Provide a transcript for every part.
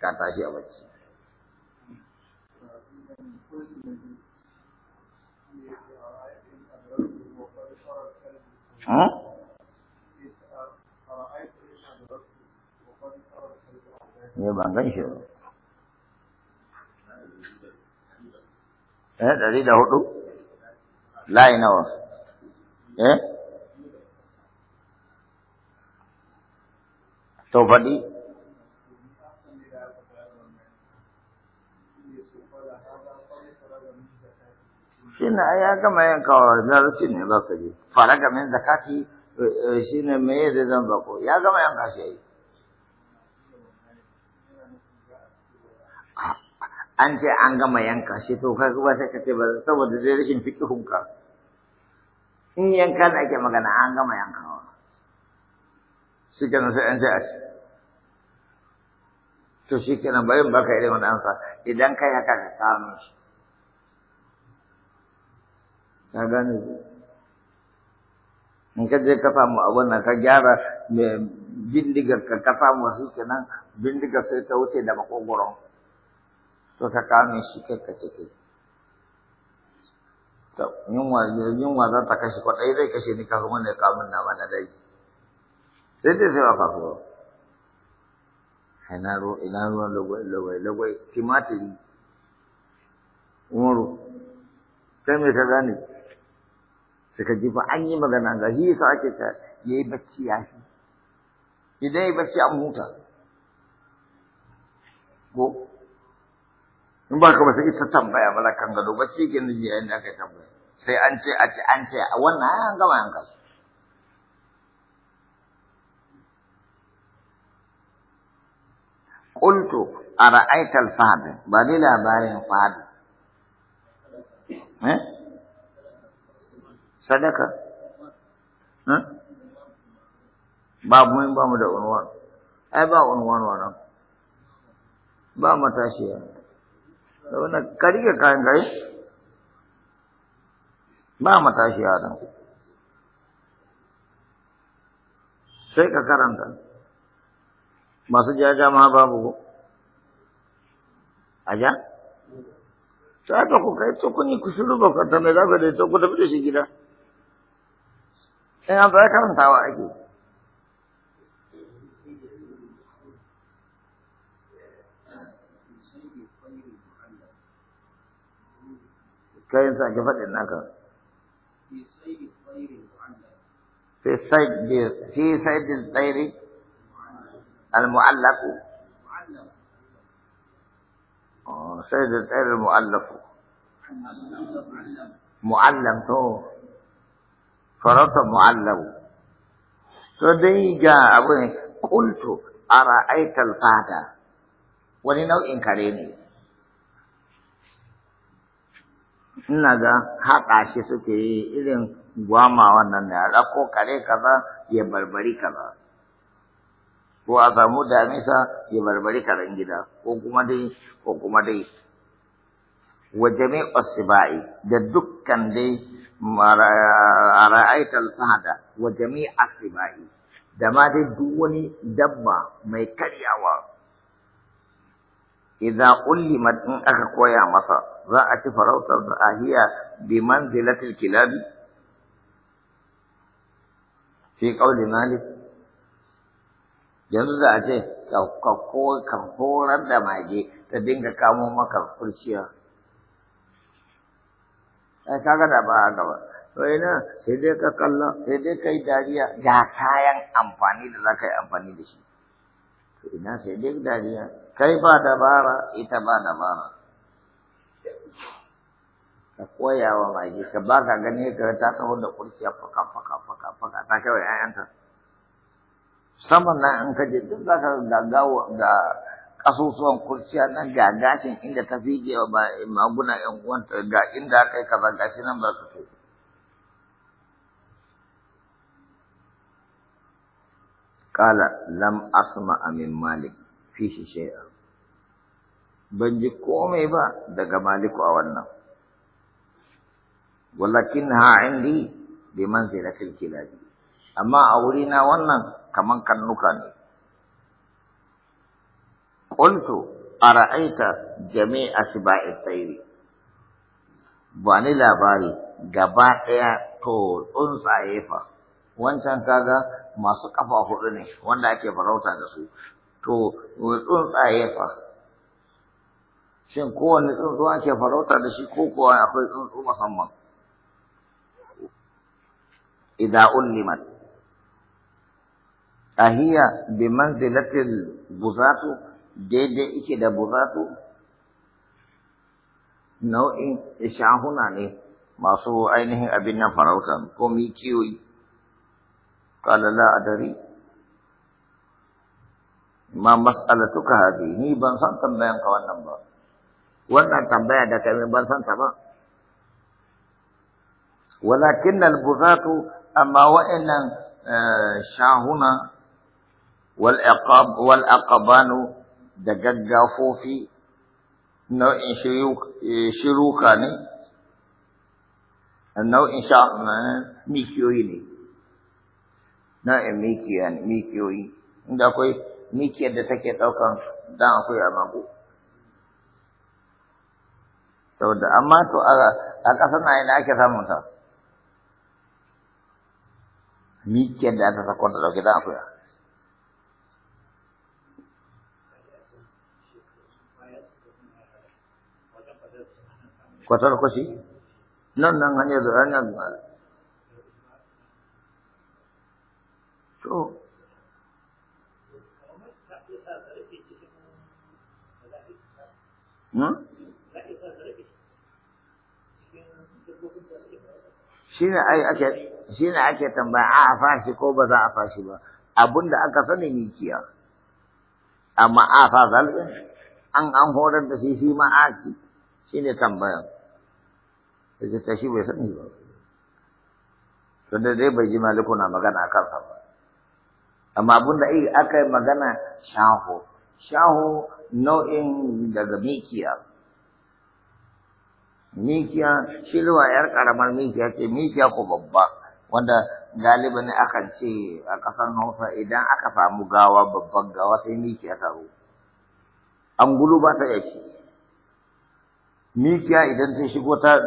ka tashi a bacci ha ne ban gan shi ba eh ɗari da hudu layi nawa eh to faɗi shi ne ya gama yankawa larabci ne ba ka je fara game da zakati eh, shi ne me ya zai zan bako ya gama yanka shi yi an ce an gama yanka shi to kai kuma sai ka ce ba saboda zai rashin hunka in yanka da ake magana an gama yankawa shi kenan sai an ce a ci to shi kenan bayan baka irin wani ansa idan kai haka ka samu shi ka gane ku in ka je ka samu abin nan ka gyara bindigar ka ka samu shi nan bindigar sai ta wuce da makogoron to ka kame shi kai ka ce kai to yunwa yunwa za ta kashe kwaɗai zai kashe ni ka kuma ne kamun na mana dai. sai dai sai ba ruwa ina ruwan lagwai lagwai lagwai timatiri umaru kai me ka gane suka jifa fa an yi magana ga shi yasa ake ta yayi bacci ya shi idan yi bacci an huta ko in ba ka ba sai ta tambaya ba kan gado bacci ke nan yayin da aka tambaya sai an ce a ce an ce a wannan an gama an a قلت أرأيت ba بدل labarin فهد Eh? sadaka ba mu ba mu da unwan ai ba unwan wannan ba matashiya da wannan karike kayan kai eh? ba matashiya nan sai ka karanta masu jaja ma babu aja ta ka ku kai to kuni ku shiru ba ka ta me za da to ku tafi da shi gida ina ba karantawa ake kayan sake faɗin naka في صيد في صيد الطير المعلق آه، صيد الطير المعلق معلم هو farautar mu'allabu. To dai ga abin kultu a ra'aitar fata wani nau'in kare ne. Ina ga haɗa shi suke yi irin gwama wannan da ya ko kare kaza ya barbari kaza. Ko a samu damisa ya barbari karen gida ko kuma dai ko kuma dai وجميع السباع ددك كندي رأيت الفهد وجميع السباع دما دي دوني دبا مي كريعوا إذا علمت إن أخا كويا مصا رأت فروت هي بمنزلة الكلاب في قول مالك yanzu za a ce ka korar da mage ta dinga kamo maka kurciya ai eh, kaga da ba gaba to ina sai dai ka kalla sai dai kai dariya ga kayan amfani da zaka yi amfani da shi to ina sai dai dariya kai ba dabara ita ba dabara ka koya wa mage ka ba ka gane ka ta kawo da kurciya faka faka faka faka ta kawai ayanta saman nan in ka je duk za ka gawo ga ƙasusuwan kurciya nan ga gashin inda ta ba wa maguna ‘yan uwanta ga inda aka yi kaza gashi nan ba su kai. Kala lam asma amin malik fi shi shay'a Ban ji komai ba daga maliku a wannan. Walakin ha indi bi manzilatil kilabi. Amma a wuri na wannan kaman karnuka ne. قلت أرأيت جميع أشباع الطير bani labari gaba ɗaya to tsuntsaye fa wancan kaga masu ƙafa hudu ne wanda ake farauta da su to tsuntsaye fa shin kowane tsuntsu ake farauta da shi ko kuwa akwai tsuntsu musamman idza ullimat ahiya bi manzilatil buzatu daidai ike da buzatu nau'in shahuna ne masu ainihin abin nan farautan ko mikiyoyi kala la adari ma mas'alatuka hadi ni ban san tambayan ka wannan ba wannan tambaya da kai ban san ta ba walakin al-buzatu amma wa'annan shahuna wal aqab wal aqabanu da gaggafofi nau'in eh, shiruka ne nau'in sha mikiyoyi ne nau'in mikiya ne mikiyoyi inda akwai mikiyar da take ɗaukan dan akwai a mago saboda amma to a ƙasar na ina ake samun ta mikiyar da aka sako da ɗauke dan akwai kwatar kwashi nan nan hanyar da hanyar to hmm? shi ne ake shi ne ake tambaya a fashi ko ba za a fashi ba abun da aka sani mikiya amma a fa zalbin an an horar da shi shi ma aki shi ne tambayar ya ta shi bai sani ba tunda dai bai ji maliku na magana a kansa ba amma abin da aka yi magana shaho shaho nau'in daga mikiya mikiya shirwa yar karamar mikiya ce mikiya ko babba wanda galiba ne akan ce a ƙasar hausa idan aka samu gawa babban gawa sai mikiya ta an gulu ba ta yashi mikiya idan ta shigo ta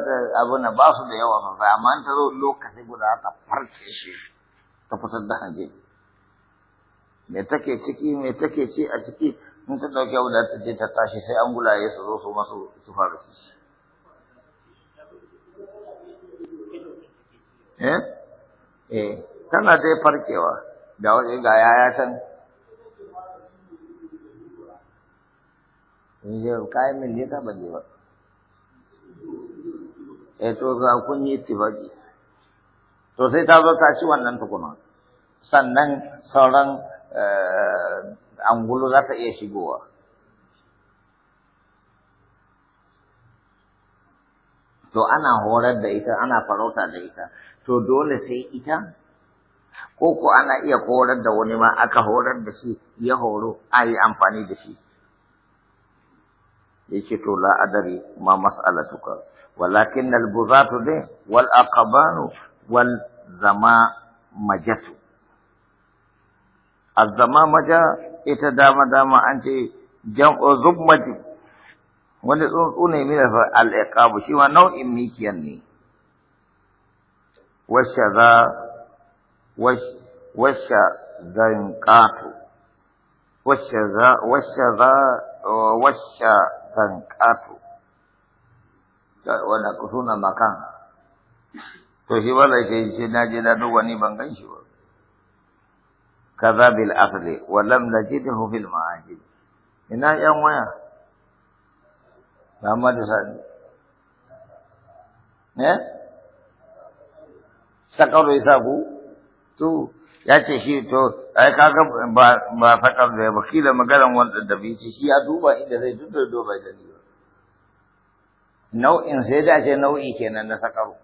abin da ba su da yawa ba, amma in ta zo lokaci guda ta farce shi ta fitar da haje me take ciki me take ci a ciki in ta dauke da ta ce ta tashi sai an gulaye su zo su masu su fara ci eh eh tana dai farkewa da wani ga yaya san Yau kayan min nisa je ba. eh to ga kun yi tibaji to sai ta zo ta ci wannan tukuna sannan sauran eh, angulu za ta iya shigowa to ana horar da ita ana farauta da ita to dole sai ita ko ko ana iya horar da wani ma aka horar da shi ya horo a yi amfani da shi yace to la adari ma mas'alatuka walakin al-buzatu dai wal aqabanu wal zama majatu az-zama maja ita dama dama an ce jam'u zummati wani tsuntsu ne mai da al-iqabu shi ma nau'in mikiyan ne washaza washa zanqatu washaza washaza washa sanƙatu wanda ku suna makan to shi wala shi ce na je na duk wani ban gan shi ba kaza bil asli wa lam najidhu fil ma'ajid ina yan waya Muhammadu Sani eh sakaru ku to ya ce shi to ai kaga ba ba fatar da ba magaran wanda da bi shi ya duba inda zai duba duba da ni nau'in sai da ce nau'i kenan na sakaru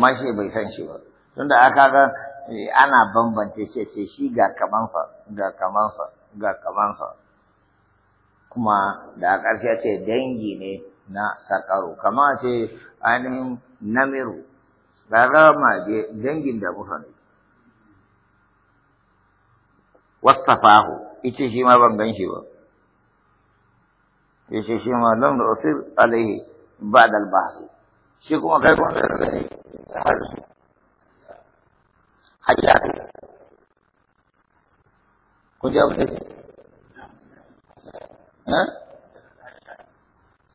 ma shi bai san shi ba tunda aka ga ana bambance shi ce shi ga kamansa ga kamansa ga kamansa kuma da ƙarshe ce dangi ne na sakaru kama ce ainihin namiru kaga mage dangin da musa ne wasafahu ice shi ma ban gan shi ba yace shi ma lam nusir alaihi ba'da al-bahth shi kuma kai kuma hayya ku jawab ne ha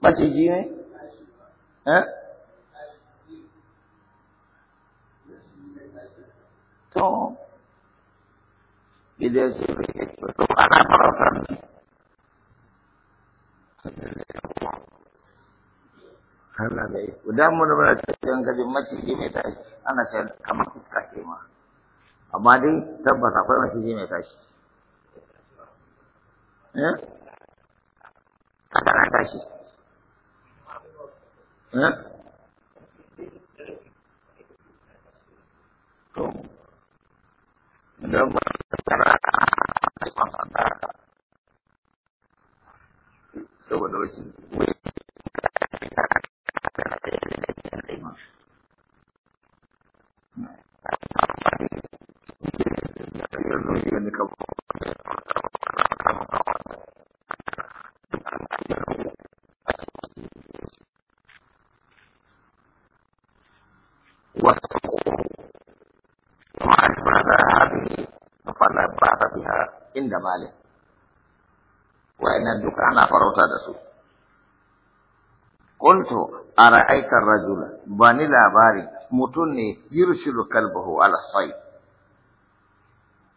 maciji ne ha So, विदेशी विदेश में तो आना Allah ana ma di saboda wasu malik wa'annan duk ana farauta da su qultu ara'aita ar-rajula bani labari mutum ne yurshilu kalbahu ala sayf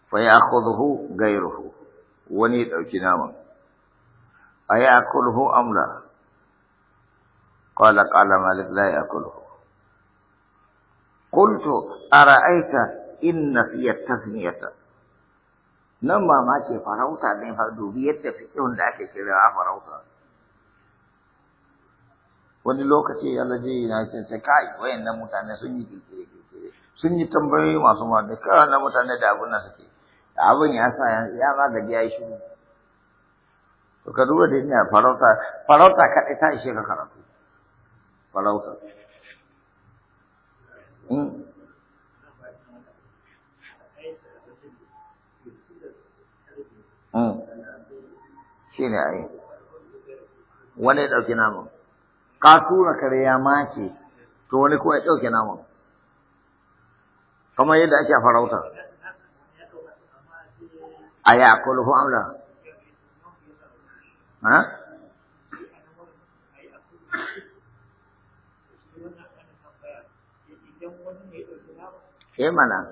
fa ya'khudhuhu ghayruhu wani dauki naman ayakulhu amla qala qala malik la ya'kuluhu قلت أرأيت إن في التثنية nan ce farauta ne fa dubi yadda fiƙihun da ake kira a farauta wani lokaci ya laje na ce sai kai wayannan mutane sun yi kirkire kirkire sun yi tambayoyi masu da kawai na mutane da abun nan suke abin ya sa ya ma da ya shi. to ka duba da ina farauta farauta kaɗai ta ishe ka karatu farauta Hmm. shi ne yi wani ya ɗauki naman ka tura kare ya mace to wani kuma ya ɗauki naman kamar yadda ake farauta a ya kulhu amla ha Eh mana?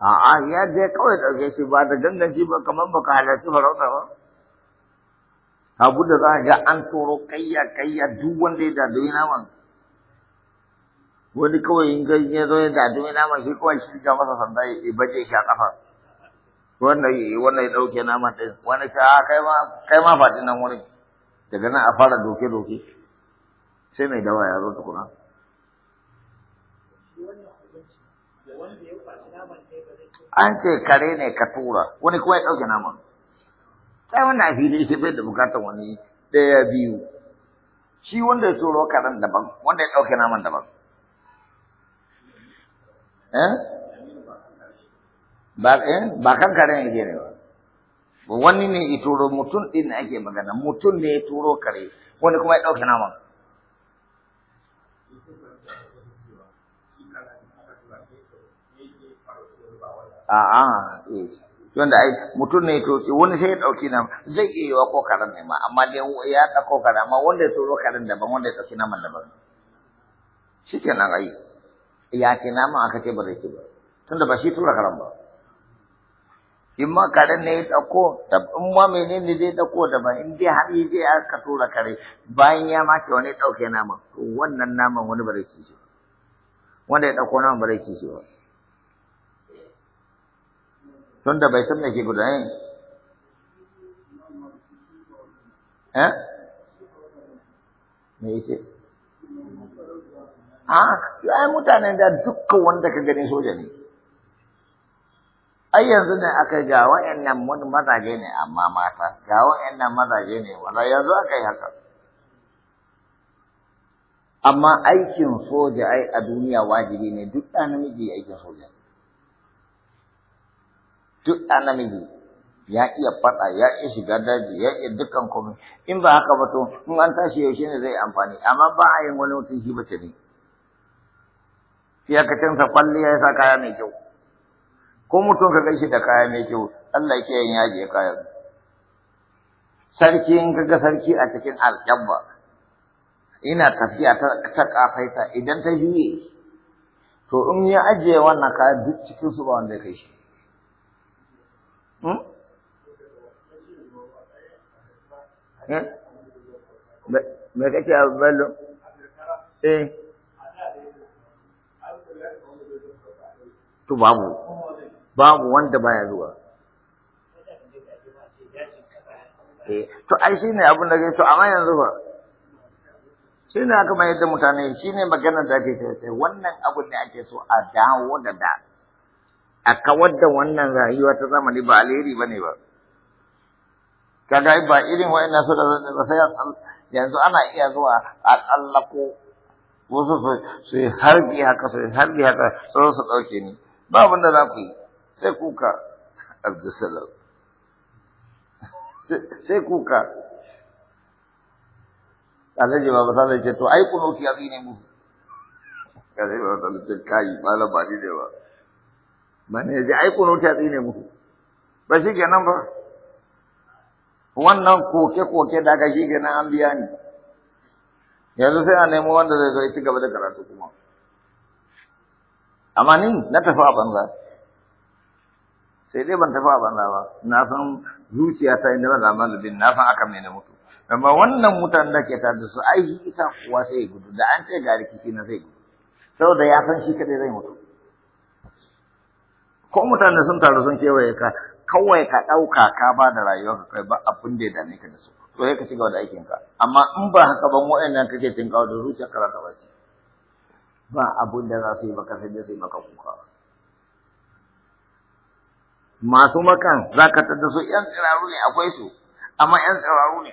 a'a ya je kawai ɗauke shi ba da ganganci ba kamar baka halarci farauta ba abu da za a ga an toro kayya kayya duk wanda ya dadoyi naman wani kawai in ga ya zo ya dadoyi naman shi kawai shi ga masa sanda ya baje shi a kafa wannan ya wannan ya ɗauke naman ɗin wani ka a kai ma kai ma faɗi nan wurin daga nan a fara doke doke sai mai dawa ya zo tukuna. an ce kare ne ka tura wani kuma ya ɗauke naman sai a fili shi bai da bukatar wani ɗaya biyu shi wanda ya turo karen daban wanda ya ɗauke naman daban eh? Eh? ba kan karen yake ne ba wani ne ya turo mutum ɗin ake magana mutum ne ya turo kare wani kuma ya ɗauke naman a'a eh wanda ai mutum ne to wani sai ya dauki na zai iya yiwa ko ne ma amma dai ya dauko karan amma wanda ya turo karan daban wanda ya dauki naman daban shikenan ai ya ke naman aka ce ba zai ci ba tunda ba shi tura karan ba in ma karen ne ya dauko in ma menene zai dauko daban in dai har yi zai aka tura kare bayan ya make wani dauke naman to wannan naman wani ba zai ci shi wanda ya dauko naman ba zai ci shi ba tunda bai san me ke gudane eh? eh me yake a ah, yi mutanen da duka wanda ka gani soja ne ai yanzu ne aka ga wa'annan mun mazaje ne amma mata ga wa'annan mazaje ne wala yanzu aka yi haka amma aikin soja ai a duniya wajibi ne duk ɗan namiji aikin soja ne duk ɗan namiji ya iya faɗa ya iya shiga daji ya iya dukkan komai in ba haka ba to in an tashi yaushe ne zai amfani amma ba a yin wani mutum shi bace ne iyakacinsa kwalliya ya sa kaya mai kyau ko mutum ka gaishe da kaya mai kyau Allah ke yin yaje kayan sarki in ga sarki a cikin aljabba ina tafiya ta kafaita idan ta juye to in ya ajiye wannan kaya duk cikin su ba wanda ya kai shi Eh? Me kake abu bello? Eh. To babu, babu wanda baya zuwa. Eh, to ai shi ne abin da ke to amma yanzu ba. Shi ne aka mayar da mutane shi ne maganar da ake sai wannan abu ne ake so a dawo da da. a kawar da wannan rayuwa ta zamani ba alheri ba ne ba. Kaga ba irin wa'ina su da ba sai yanzu ana iya zuwa a tsallako wasu su yi harbi haka su yi harbi haka su su ɗauke ni ba abin da za ku yi sai kuka abdusalam sai kuka Alhaji Baba Sale ce to ai kuno ki azine mu ba Baba Sale ce kai malama ne ba bane ya ji ai kunu ta tsine muku ba shi kenan ba wannan koke-koke da aka shi kenan an biya ni yanzu sai a nemo wanda zai zo ya ci gaba da karatu kuma amma ni na tafi a banza sai dai ban tafi a banza ba na san zuciya ta inda ban zama zubin na san akan ne na mutu amma wannan mutan da ke tada su ai ita kuwa sai gudu da an ce ga rikici na zai gudu saboda ya san shi kadai zai mutu ko mutane sun taru sun kewaye ka kawai ka ɗauka ka ba da rayuwa ka kai ba abin da ya dame ka da su to ya ka ci gaba da aikin ka amma in ba haka ban wa'annan kake tinkawa da zuciyar ka za ta ba abin da za su yi maka sai su yi maka kuka masu makan za ka tada su yan tsiraru ne akwai su amma yan tsiraru ne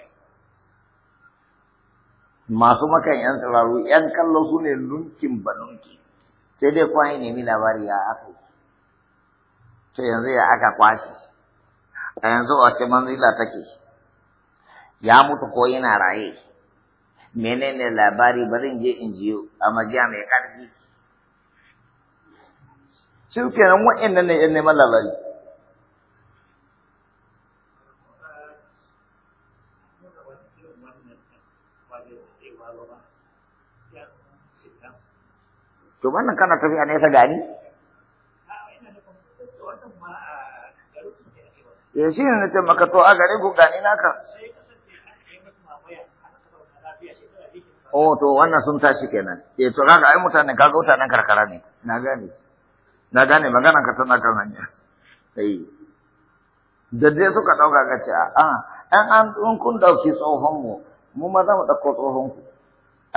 masu makan yan tsiraru yan kallo su ne lunkin ba lunki sai dai kwaye nemi labari ya aka yi to yanzu ya aka kwashe a yanzu a ce manzila take ya mutu ko yana raye menene labari barin je in jiyo a majiya mai ƙarfi shi kenan wa'in ne yan neman labari to wannan kana tafiya nesa gani ya eh, shi ne na ce maka to a gare ku gani naka o oh, to wannan sun tashi kenan E, to kaga ai mutane kaga mutanen karkara ne na gane na gane magana ka tana kan hanya sai eh. da dai suka dauka ka ce a an an in kun dauki tsohon mu mu ma za mu dauko tsohon ku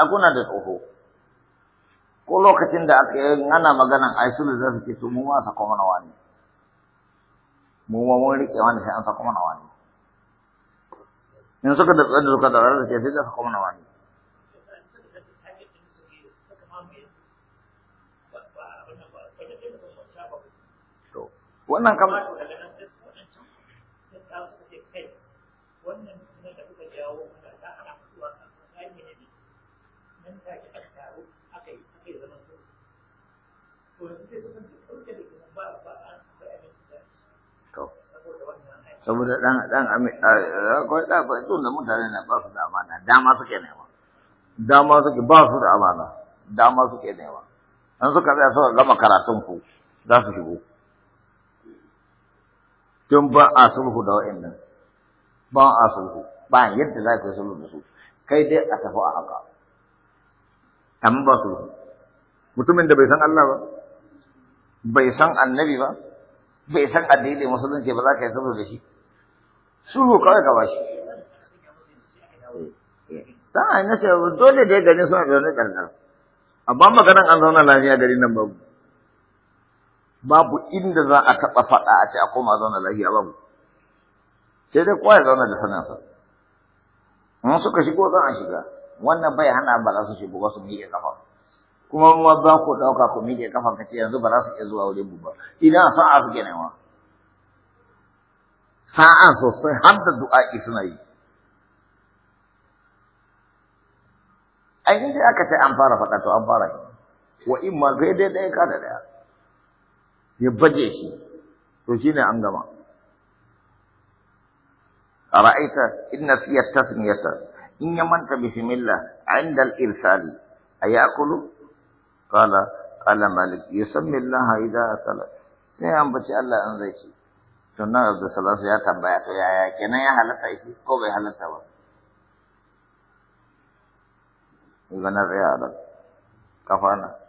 a kuna da tsoho ko lokacin da aka yi ana maganan aisulu za su ce su mu ma sako mana wani mu mun riƙe wani sai an mana wani in suka da tsada suka da rarra sai da sako wani wannan sai saboda dan dan eh, akwai da ba tun da mutane na ba su da amana dama suke nema dama suke ba su da amana dama suke nema an suka tsaya suka gama karatun ku za su shigo tun ba a sulhu da wa'annan ba a sulhu ba yadda za ka yi sulhu da su kai dai a tafi a haka amma ba sulhu mutumin da bai san Allah ba bai san annabi ba bai san addini musulunci ba za ka yi sulhu da shi sulhu kawai ka bashi ta a na sai dole da ya gani suna da wani ƙarƙar amma maganan an zauna lafiya gari nan babu babu inda za a taɓa faɗa a ce a koma zauna lafiya babu sai dai kowa ya zauna da sanansa in suka shigo za a shiga wannan bai hana ba za su shigo ba su miƙe kafa kuma ma ba ku ɗauka ku miƙe kafan kace yanzu ba za su iya zuwa wurin buba idan sa'a suke nema sa'a sosai har da du'a'i suna yi A in da aka ce an fara faɗa to an fara wa in ma sai dai ɗaya ka da ɗaya ya baje shi to ne an gama ara'aita in nasiya tasmiyata in ya manta a inda al-irsali ayakulu قال قال مالك يسمي الله إذا أكل sai an bace Allah an zai ci to nan ya tambaya to yaya kenan ya halatta shi ko bai halatta ba ganar ya da kafana